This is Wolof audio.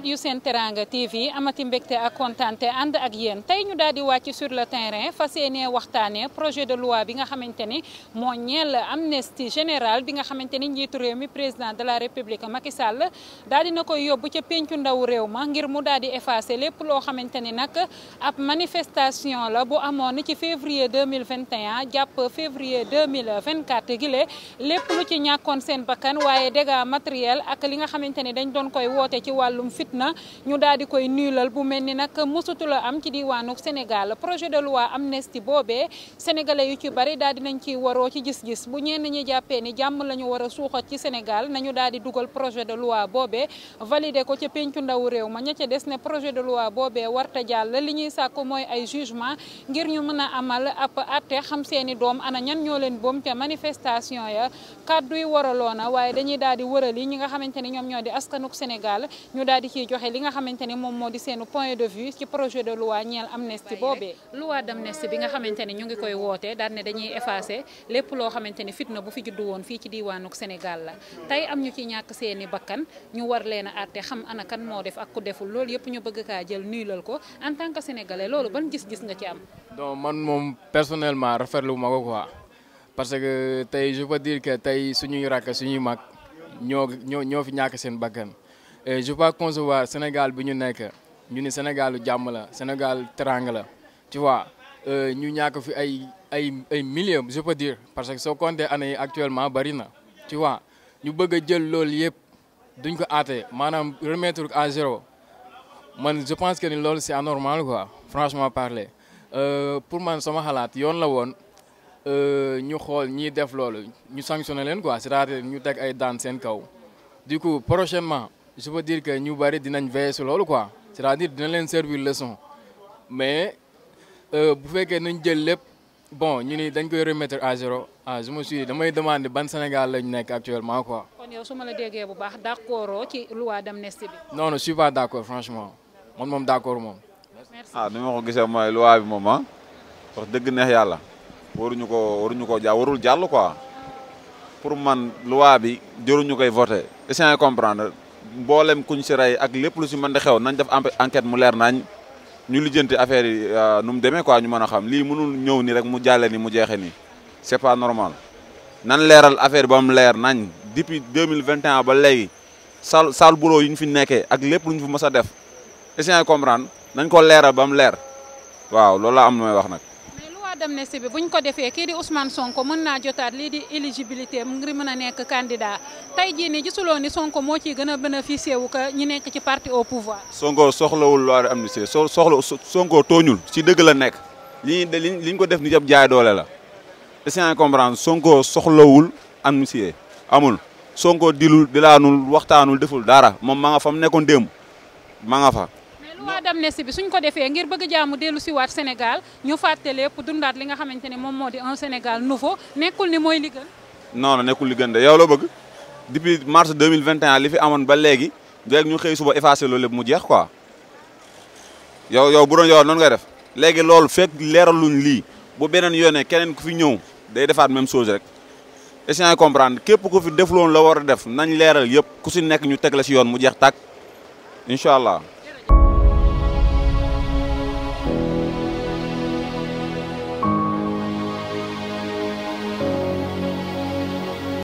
internautes yu seen teranga TV amati mbégte ak kontaante ànd ak yéen tey ñu daal di wàcc sur le terrain fas yéenee waxtaanee projet de loi bi nga xamante ni moo ñeel amnistie général bi nga xamante ni njiitu réew mi président de la république Macky Sall daal di na koy yóbbu ca péncu ndaw réew ma ngir mu daal di effacer lépp loo xamante ni nag ab manifestation la bu amoon ci février 2021 jàpp février 2024 gile lépp lu ci ñàkkoon seen bakkan waaye dégâts matériels ak li nga xamante ni dañ doon fitna ñu daal di koy nuyulal bu mel ni nag mosutula am ci diwaanu Sénégal projet de loi amnistie boobee sénégalais yu ci bari daal di nañ ciy waroo ci gis-gis bu ñenn ñi jàppee ni jàmm la ñu war a suuxat ci Sénégal nañu daal di dugal projet de loi boobee validé ko ca pencu ndaw réew ma ña ca des ne projet de loi boobee warta jàll li ñuy sàkku mooy ay jugement ngir ñu mën a amal ab atte xam seeni doom ana ñan ñoo leen boom ca manifestation ya kàddu yi waraloona waaye dañuy daal di wëral yi ñi nga xamante ni ñoom ñoo di askanuk Sénégal ciy joxe li nga xamante ne moom moo di seen point de vue ci projet de loi ñeel amnistie boobee. loi d'amnistie bi nga xamante ne ñu ngi koy woote daal ne dañuy effacer lépp loo xamante ne fitna bu fi juddu woon fii ci diiwaanuk Sénégal la tey am ñu ci ñàkk seeni bakkan ñu war leen a àtte xam ana kan moo def ak ku deful loolu yëpp ñu bëgg kaa jël nuylal ko en tant que sénégalais loolu ban gis-gis nga ci am. donc man moom personnellement rafetlu ma ko parce que tey je peux dire que tey suñuy rakk suñuy mag ñoo ñoo ñoo fi ñàkk seen bakkan. et je peux concevoir Sénégal bi ñu nekk ñu ni Sénégalu jàmm la Sénégal trang la tu vois euh, ñu ñàkk fi ay ay ay millions je peux dire parce que soo compté année yi actuellement bari na tu vois ñu bëgg a jël loolu yëpp duñ ko aatee maanaam remettre à zéro man je pense que ni loolu c'est anormal quoi franchement parler euh, pour man sama xalaat yoon la woon euh, ñu xool ñiy def lool ñu sanctionné leen quoi c'est-à-dire ñu teg ay daan seen kaw du coup prochainement. je peux dire que ñu bari dinañ veiller si loolu quoi c'est-à-dire dina leen servir leçon mais euh, bu fekkee nañ jël lépp bon ñu ni dañ koy remettre à zéro ah je me damay demandé ban Sénégal lañ nekk actuellement quoi. kon yow su ma la déggee bu baax d'accord ci loi d'amnistie bi. non non je suis pas d'accord franchement man moom d'accord moom. ah ni ma ko gisee mooy loi bi moom ah wax dëgg neex yàlla waruñu ko waruñu ko jaa warul jàll quoi pour man loi bi jëruñu koy voter essayer comprendre. mboolem kuñ si rey ak lépp lu si mën di xew nañ def enquête mu leer nañ ñu lijjanti affaire yi euh, nu mu demee ko ñu mën a xam lii mënul ñëw ni rek mu jàlle ni mu jeexe nii c'est pas normal nan leeral affaire ba mu leer nañ depuis 2021 ba léegi sal sal bureau yi ñu fi nekkee ak lépp lu ñu fi mës a def essayé comprendre nañ ko leeral ba mu leer waaw loolu laa am lu may wax nag dem d'amnistie bi buñ ko defee kii di Ousmane Sonko mën naa jotaat lii di éligibilité mu ngir mën a nekk candidat tey jii nii gisuloo ni Sonko moo ciy gën a wu ka ñi nekk ci parti au pouvoir. Sonko soxlawul loi d'amnistie so soxla Sonko tooñul si dëgg la nekk li ñuy li ko def ni jab jaay doole la. essayant comprendre Sonko soxlawul amnistie amul Sonko dilul dilaanul waxtaanul deful dara moom ma fa mu nekkoon démb ma fa. loi d'amnistie bi suñ ko defee ngir bëgg jaamu dellu si waat Sénégal ñu fàtte lépp dundaat li nga xamante ne moom moo di un Sénégal nouveau nekkul ni mooy li noonu non non nekkul li gën de yow loo bëgg depuis mars li fi amoon ba léegi rek ñu xëy suba effacé loolu lépp mu jeex ko yow yow bu doon yow noonu ngay def léegi loolu fekk leeraluñ lii bu beneen yoonee keneen ku fi ñëw day defaat même chose rek essayant comprendre képp ku fi defloon la war a def nañ leeral yëpp ku si nekk ñu teg si yoon mu jeex tàkk incha allah